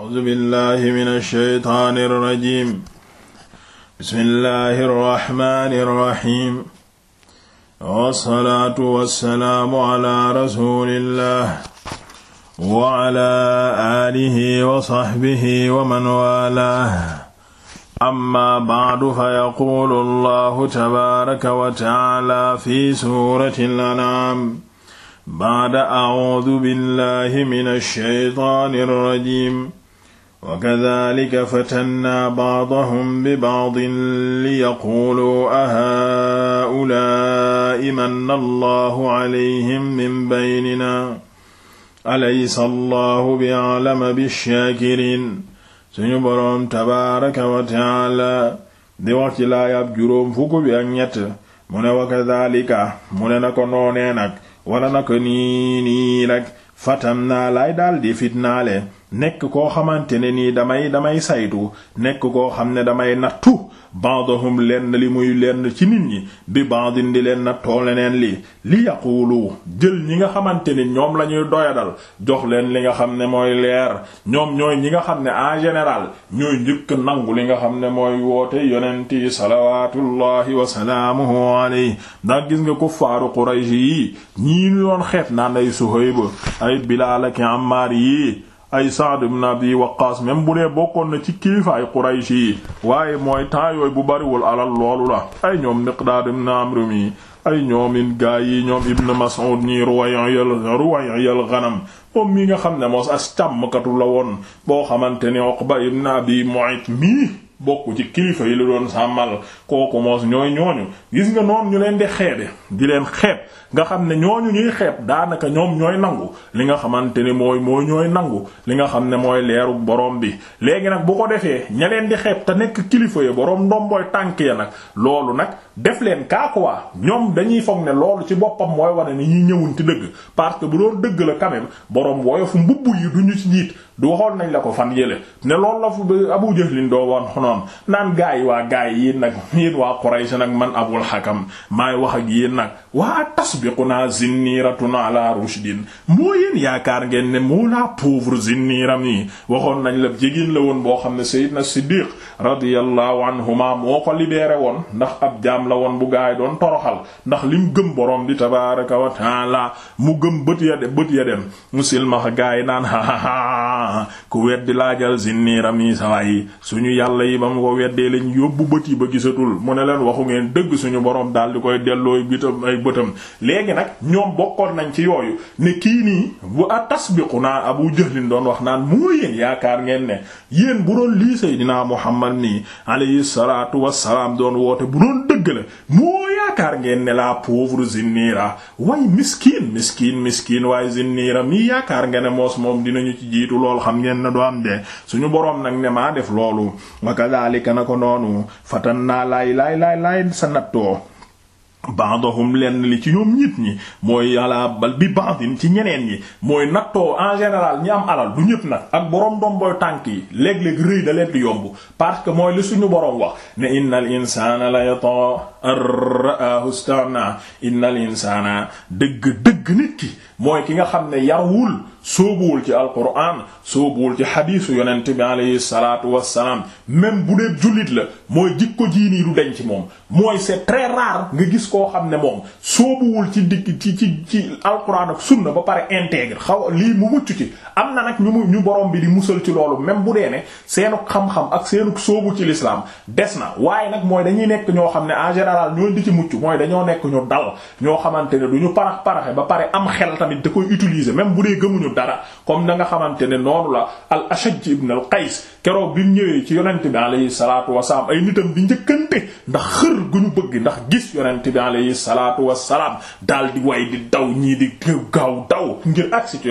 A'uuzu billaahi mina shaytaani rajiim. Bismillaahi rahmaani rahiim. Wa salaatu wa salaamu ala rasuulillaah. Wa ala aalihi wa sahbihi wa man waalaah. Amma ba'du fa yaquulu Allaahu tabaaraka wa ta'aalaa fi suuratil an'aam. Ba'da a'uuzu billaahi mina shaytaani rajiim. wakadalika fatannaa baadahum bi baadin liyaquuluu ahaulaai manna allahu alayhim min baynina alaysa allahu bi aalama bishaakiriin suñu boroom tabaaraka wa taala di wax ci laayab juróom fukk bi ak ñett mu ne wakadalika mu ne na ko noonee nag wala na ko nii nii nag fatannaa laay daal di fitnaale nekk koo xamante ne nii damay damay saytu nekk koo xam ne damay nattu ba'dahum lenn li muy lenn ci nit ñi bi ba'din di leen nattoo leneen li li yaqulu jël ñi nga xamante ni ñoom la ñuy doyadal jox leen li nga xam ne mooy leer ñoom ñooy ñi nga xam ne en général ñooy njëkk nangu li nga xam ne mooy woote yonent yi salawaatullahi wa salaamuhu ndax gis nga ko kuffaaru Quraysh yi ñii ñu doon xeet naan ay Suhayb ay Bilaal ak yi ay Saad ibn Abi Waqqaas même bu dee bokkoon na ci kilifaay Quraysh yi waaye mooy temps yooyu bu bariwul alal loolu la ay ñoom Miqdaad ibn Amr mi ay ñoomin gaa yi ñoom Ibn Mas'ud ñi Ruway'il Ruway'il Ghanam moom mi nga xam ne moos as càmmkatu la woon boo xamante ni Uqba ibn Abi Mu'ayt mi bokk ci kilifa yi la doon sàmmal kooku moos ñooy ñooñu gis nga noon ñu leen di xeebe di leen xeeb nga xam ne ñooñu ñuy xeeb daanaka ñoom ñooy nangu li nga xamante ne mooy mooy ñooy nangu li nga xam ne mooy leeru borom bi léegi nag bu ko defee ña leen di xeeb te nekk kilifa ya borom ndomboy tànk ya nag loolu nag def leen kaa quoi ñoom dañuy foog ne loolu ci boppam mooy wane ni ñuy ñëwunti dëgg parce que bu doon dëgg la quand même woyofu mbubb yi duñu ci jiit du waxoon nañ la ko fan yële ne loolu la fu Abu Jahlin doo woon xonoon naan gaa yi waa gaa yi nag waa Quraysh nag man Abul Hakam maay wax ak yéen nag waa tasbiquna zinniratuna ala rushdin moo yéen yaakaar ngeen ne moo la pauvre zinniram yi waxoon nañ la jigéen la woon boo xam ne Sayyidna Siddiq radiyallahu anhuma moo ko libéré woon ndax ab jaam la woon bu gaa doon toroxal ndax lim gëm boroom bi tabaaraka wa taala mu gëm bët ya de bët ya dem ah ku weddi laajal zinniiram yi sawaay suñu yàlla yi ba mu ko weddee lañu yóbbu bët yi ba gisatul mu ne leen waxu ngeen dëgg suñu boroom daal di koy delloo bitam ay bëtam léegi nag ñoom bokkoon nañ ci yooyu ne kii nii bu atasbiqu naa abu jahlin doon wax naan moo yéen yaakaar ngeen ne yéen bu doon lii Seydina Muhammad nii alayhi salaatu wassalaam doon woote bu doon dëgg la moo yaakaar ngeen ne la pauvre Zinniira way miskin miskin miskin waaye Zinniira mii yaakaar nga ne moos moom dinañu ci jiitu lool xam ngeen ne doo am de suñu boroom nag ne maa def loolu wa kadhalika na ko noonu fatan naa laay laay laay laay sa nattoo baadahum lenn li ci ñoom nit ñi mooy yàlla bal bi baadin ci ñeneen ñi mooy nattoo en général ñi am alal du ñëpp nag ak borom domboy tànk yi léeg-léeg rëy da leen di yomb parce que mooy li suñu borom wax ne innal insana la yata arraahu stana innal insana dëgg dëgg nit ki mooy ki nga xam ne yarwul soobuwul ci alquran soobuwul ci xadiisu yonent bi alayhi salaatu wassalaam même bu dee jullit la mooy jikko jii nii du denc ci moom mooy c'est très rare nga gis koo xam ne moom soobuwul ci dikk ci ci ci alquran ak sunna ba pare intègre xaw lii mu mucc ci am na nag ñu mu ñu borom bi di musal ci loolu même bu dee ne seenu xam-xam ak seenuk soobu ci l'islam des na waaye nag mooy dañuy nekk ñoo xam ne en général ñoo di ci mucc mooy dañoo nekk ñu dal ñoo xamante ne du ñu parax ba pare am xel tamit da koy utiliser même bu dee gëmuñu du dara comme na nga xamante ne noonu la al Ashaj ibn al keroog bi mu ñëwee ci yonent bi alayhi salaatu wasalaam ay nitam di njëkkante ndax xër gu ñu bëgg ndax gis yonent bi alayhi salaatu wasalaam daal di way di ñii di gaaw daw ngir agsi ci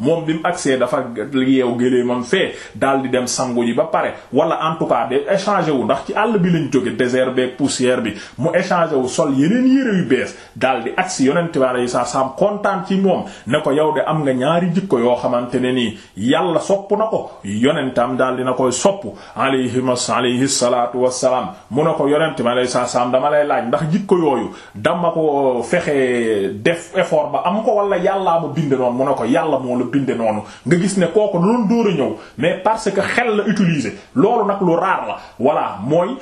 moom bi mu agsee dafa yeew gëlee moom fee daal di dem sangu ji ba pare wala en tout cas de échanger wu ndax ci àll bi lañ jóge désert beeg poussière bi mu échanger wu sol yeneen yére yu bees daal di agsi yonent bi alayhi salaatu kontaan ci moom ne ko yow de am nga ñaari jikko yoo xamante ne nii yàlla sopp na ko yonentam daal dina koy sopp alayhimas alayhi salaatu wassalaam mu ne ko yonent ma lay saa dama lay laaj ndax jikko yooyu dama ko fexe def effort ba am ko wala yàllaa ma binde noonu mu ne ko yàlla moo la binde noonu nga gis ne kooku doon dóor a ñëw mais parce que xel la utiliser loolu nag lu raar la voilà mooy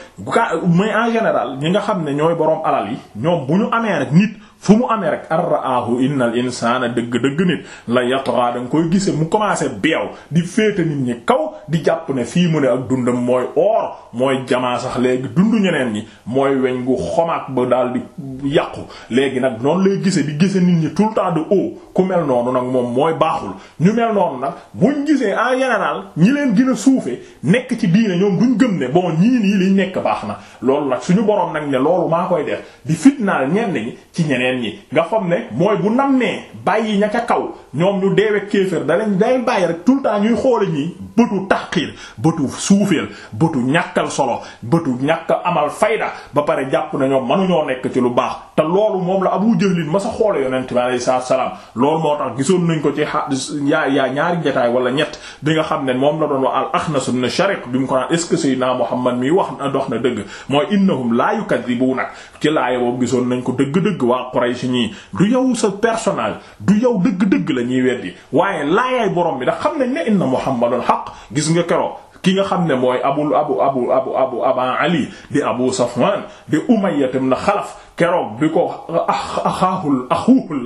mais en général ñi nga xam ne ñooy boroom alal yi ñoom bu ñu amee rek nit fu mu amee rek arraahu innal insaana dëgg-dëgg nit la yatgha da nga koy gise mu commencé beew di féete nit ñi kaw di jàpp ne fii mu ne ak dundam mooy or mooy jamaa sax léegi dund ñeneen ñi mooy weñ gu xomaat ba daal di yàqu léegi nag noonu lay gise di gise nit ñi tout le temps de haut ku mel noonu nag moom mooy baaxul ñu mel noonu nag buñ gisee en général ñi leen gën a suufe nekk ci diine ñoom duñ gëm ne bon ñii nii liñ nekk baax na loolu nag suñu borom nag ne loolu maa ñeneen ñi nga xam ne mooy bu nam nee bàyyi ña ca kaw ñoom ñu deewe kéefër da leen day bàyyi rek tout le temps ñuy xoole ñi bëtu taqiir bëtu suufeel bëtu ñàkkal solo bëtu ñàkk amal fayda ba pare jàpp na ñoom mënuñoo nekk ci lu baax te loolu moom la Abu Jahlin ma sa xoole yonent bi alayhi salaam loolu moo tax gisoon nañ ko ci yaa yaa ñaari jotaay wala ñett bi nga xam ne moom la doon wax al Axnas ibn Shariq bi mu ko naan est-ce que Seydina Muhammad mi wax na dox na dëgg mooy innahum laa yukadibuunak ci laaya boobu gisoon nañ ko dëgg-dëgg waa Quraysh ñii du yow sa personnage du yow dëgg-dëgg la la ñuy weddi waaye laayaay borom bi da xam nañ ne inna muhammadun xaq gis nga keroog ki nga xam ne mooy abul abu abu abu abu aban ali di abu safwan di umayya na xalaf keroog bi ko axaahul axuhul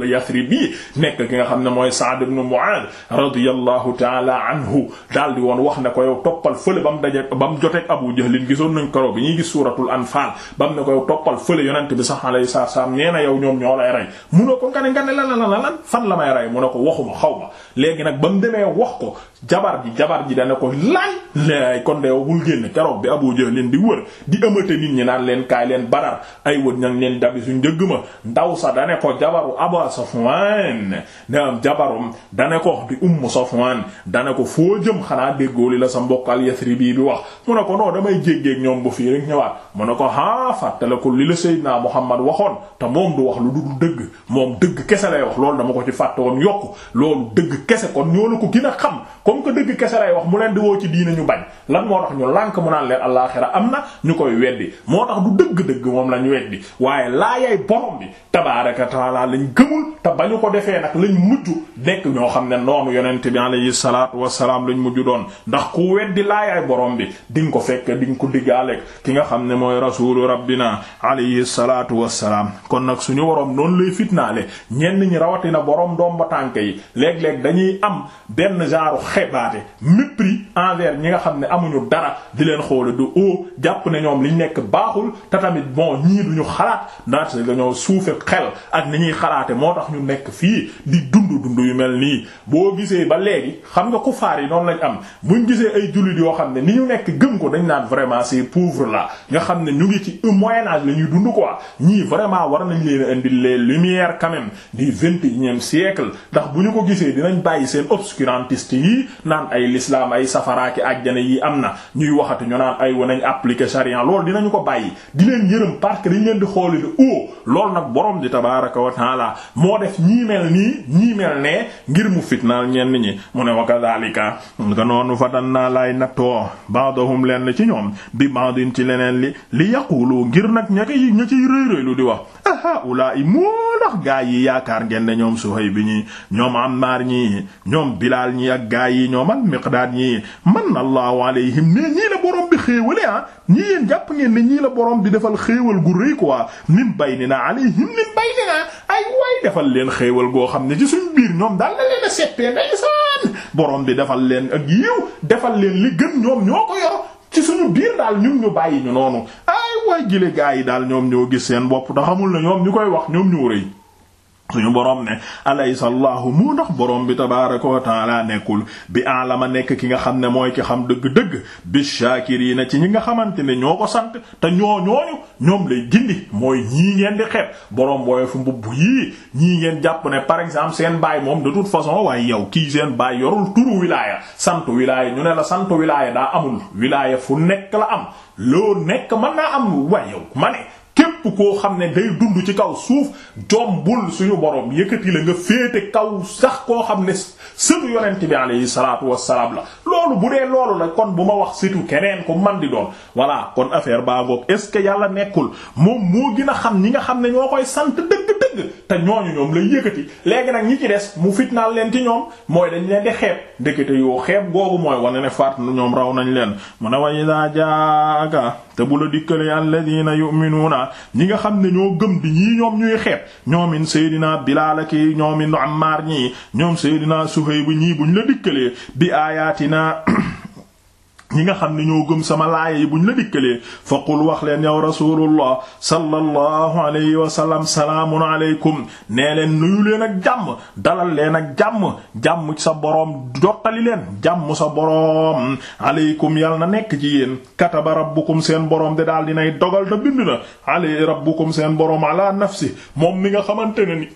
bi nekk ki nga xam ne mooy Saad ibn Muaad radiyallahu taala anhu daal di woon wax ne ko yow toppal fële ba mu daje ba mu joteeg Abu Jahlin gisoon nañ keroog bi ñuy gis suuratul anfaal ba mu ne ko yow toppal fële yonent bi sax alayhi salaam nee na yow ñoom ñoo lay rey mu ne ko nga ne nga ne lan lan fan la ma rey mu ne ko waxuma xaw ma léegi nag ba mu demee wax ko jabar ji jabar ji dana ko laay laay kon de yow bul génn keroog bi Abu Jahl leen di wër di ëmmate nit ñi naan leen kaay leen badar ay wët ña ngi dabi suñ njëgg ma ndaw sa dane ko jabaru Abu Safwan naam jabarum dane ko di Ummu Safwan dane ko foo jëm xanaa déggoo li la sa mbokk al bii bi wax mu ne ko non damay jéggeeg ñoom bu fii rek ñëwaat mu ne ko ah fàttalikul li la Seydina Muhammad waxoon te moom du wax lu dul dëgg moom dëgg kese lay wax loolu dama ko ci fàtte yokk dëgg kese lay wax mu leen woo ci diina ñu bañ lan moo tax ñu lànk am na ñu koy weddi moo tax dëgg-dëgg moom lañ weddi waaye laayay borom bi tabaaraka taala lañ gëmul te ba ko defee nag lañ mujj nekk ñoo xam ne noonu yonent bi alayhi salaatu wassalaam lañ mujj doon ndax ku weddi laayaay borom bi di nga ko fekk di nga ko diggaaleeg ki nga xam ne mooy rasuulu rabbina alayhi salaatu wassalaam kon nag su suñu borom noonu lay fitnaale ñenn ñi rawatina boroom doom ba tànk yi léeg-léeg dañuy am benn genre xebaar xolaate mépris envers ñi nga xam ne amuñu dara di leen xoole du o jàpp ne ñoom liñ nekk baaxul te tamit bon ñii duñu xalaat naata dañoo suufe xel ak ni ñuy xalaate moo tax ñu nekk fii di dund dund yu mel nii boo gisee ba léegi xam nga ku faar yi noonu lañ am buñ gisee ay jullit yoo xam ne ni ñu nekk gëm ko dañ naan vraiment si pauvres la nga xam ne ñu ngi ci moyen âge la ñuy dund quoi ñii vraiment war nañ leen indi les lumières quand même du vingt et naan ay lislaam ay safaraaki àjjana yi am na ñuy waxati ñu naan ay wanañ appliquer charia loolu dinañu ko bàyyi di leen yërëm parce que dañ leen di xooli de oh, o loolu nag borom di tabaaraka wa taala moo def ñii mel nii ñii ngir mu fitnaal ñenn ñi mu ne wa kadhalika nga noonu fatannaa laay nattoo ba'dahum lenn ci ñoom bi ba'din ci leneen li li yaqulu ngir nag ña koy ña ciy rëy di wax yi yaakaar ngeen ne ñoom Suhayb ñi ñoom Ammaar ñi ñoom Bilaal ñi ak gaa yi ñoom ak Miqdaad ñi manna Allahu alayhim ne ñii la borom bi xéewale ah ñii yéen jàpp ngeen ne ñii la borom bi defal xéewal gu rëy quoi min bayni alayhim min baynina ay waay defal leen xéewal goo xam ne ci suñ biir ñoom daal la leen a seppee ndeysaan borom bi defal leen ak yiw defal leen li gën ñoom ñoo ko yor ci suñu biir daal ñun ñu bàyyi ñu noonu ay waay jile gaa yi daal ñoom ñoo gis seen bopp te xamul na ñoom ñu koy wax ñoom ñoo rëy suñu borom ne alaysa allahu mu ndax boroom bi tabaaraka wa taala nekkul bi alama nekk ki nga xam ne mooy ki xam dëgg-dëgg bi shaakiriina ci ñi nga xamante ne ñoo ko sant te ñoo ñooñu ñoom lay gindi mooy ñii ngeen di xeeb borom booy fu mbubb yii ñii ngeen jàpp ne par exemple seen baay moom de toute façon waaye yow kii seen baay yorul turu wilaaya sant wilaaya ñu ne la sant wilaaya daa amul wilaaya fu nekk la am loo nekk mën naa am waaye yow ma képp koo xam ne day dund ci kaw suuf jombul suñu borom yëkkati la nga féete kaw sax koo xam ne sëtu yonent bi alayhi salaatu wassalaam la loolu bu dee loolu la kon bu ma wax sëtu keneen ku man di doon voilà kon affaire baa ngoog est-ce que yàlla nekkul moom moo gën a xam ñi nga xam ne ñoo koy sant dëgg te ñooñu ñoom lay yëkkati léegi nag ñi ci des mu fitnaal leen ci ñoom mooy dañ leen di xeeb ndekete yoo xeeb googu mooy wane ne faat ñoom raw nañ leen mu ne wa iza jaaka te bu la dikkalee alladina yu'minuna ñi nga xam ne ñoo gëm bi ñii ñoom ñuy xeeb ñoomin Seydina Bilaal ki ñoomin Ammaar ñii ñoom Seydina Suhayb ñii ñu la dikkalee bi ayatina ñi nga xam ni ñoo gëm sama laaya yi bu ñu la dikkalee faqul wax leen yow rasulullah sallallahu alayhi wa sallam salaamun aleykum nee leen nuyu leen ak jàmm dalal leen ak jàmm jàmm sa boroom jottali leen jàmm sa boroom aleykum yal na nekk ci yéen kataba rabbukum seen boroom de daal nay dogal te bind na alay rabbukum seen boroom ala nafsi moom mi nga xamante ne ni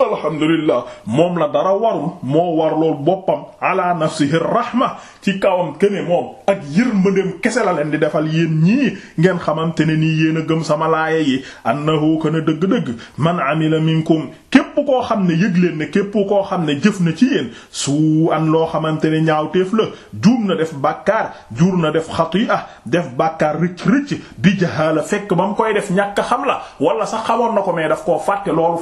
alhamdulillah moom la dara warul moo war lool boppam ala nafsihi rahma ci kawam kene moom ak yërmandeem kese la leen di defal yéen ñii ngeen xamante ne nii yéen a gëm sama laaya yi na annahu kana dëgg-dëgg man amila minkum képp koo xam ne yëg leen ne képp koo xam ne jëf na ci yéen su an loo xamante ne ñaawteef la juum na def bàkkaar juur na def xati'a def bàkkaar rëcc rëcc bi jahaala fekk ba mu koy def ñàkk xam la wala sax xamoon na ko mais daf koo fàtte loolu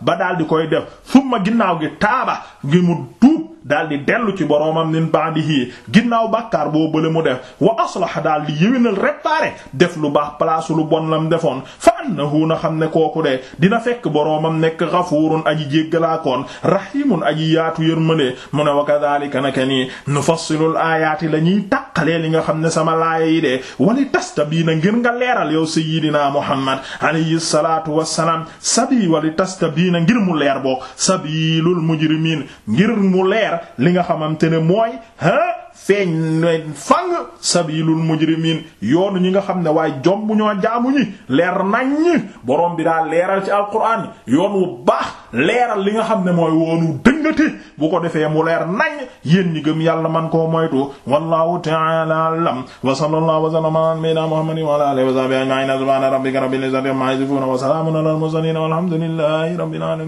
ba daal di koy def summa ginnaaw gi taaba gi mu tuub daal di dellu ci boroomam min ba'dihi ginnaaw bàkkaar boo bële mu def wa aslaha daal di yéwénal réparé def lu baax place lu bon lam defoon fa annahu na xam ne kooku de dina fekk boroomam nekk ghafurun aji jéggalaakoon rahimun aji yaatu yërmande mu ne wa kadhalika naka nii nufassilu al-ayati la ñuy tàqalee li nga xam ne sama laaya yi de wali tastabiina ngir nga leeral yow sayyidina muhammad alayhi salatu wassalam sabi wali tastabi mujrimiina ngir mu leer boo sabiilul mujrimiin ngir mu leer li nga xamante ne mooy ha feeñ ne fang sabilul mujrimiin yoonu ñi nga xam ne waaye jomb ñoo jaamu ñi leer naññ borom bi daa leeral ci alquran yoon wu baax leeral li nga xam ne mooy woonu dëngate bu ko defee mu leer naññ yéen ñi gëm yàlla man koo moytu wallahu ta'ala a'lam wa sallallahu wa sallama ala nabiyyina muhammadin wa ala alihi wa ala